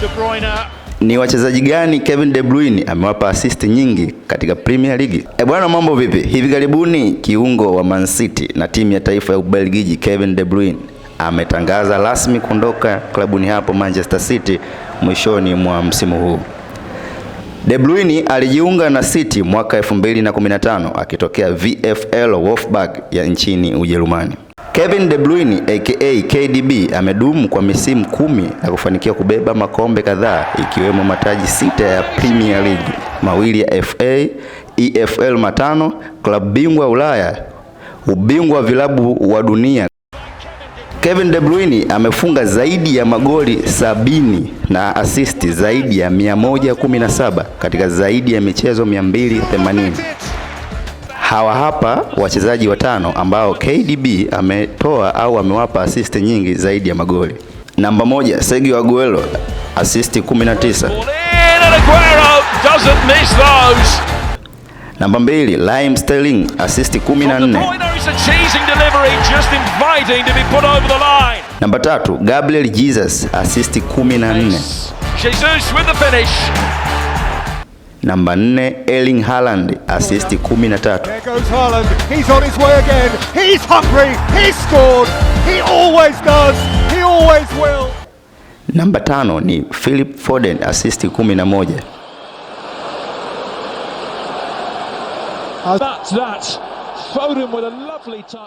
De Bruyne. Ni wachezaji gani Kevin De Bruyne amewapa assist nyingi katika Premier League? Eh, bwana, mambo vipi? Hivi karibuni kiungo wa Man City na timu ya taifa ya Ubelgiji Kevin De Bruyne ametangaza rasmi kuondoka klabuni hapo Manchester City mwishoni mwa msimu huu. De Bruyne alijiunga na City mwaka 2015 akitokea VfL Wolfsburg ya nchini Ujerumani. Kevin De Bruyne aka KDB amedumu kwa misimu kumi na kufanikiwa kubeba makombe kadhaa ikiwemo mataji sita ya Premier League, mawili ya FA, EFL matano, klabu bingwa Ulaya, ubingwa wa vilabu wa dunia. Kevin De Bruyne amefunga zaidi ya magoli sabini na asisti zaidi ya 117 katika zaidi ya michezo 280. Hawa hapa wachezaji watano ambao KDB ametoa au amewapa assist nyingi zaidi ya magoli. Namba moja, Sergio Aguero assist 19. Namba mbili, Raheem Sterling assist 14. Namba tatu, Gabriel Jesus assist 14. Jesus with the finish. Namba 4 Erling Haaland assist 13. He's on his way again. He's hungry. scored. He always does. He always will. Namba 5 ni Philip Foden assist 11. That's that. Foden with a lovely touch.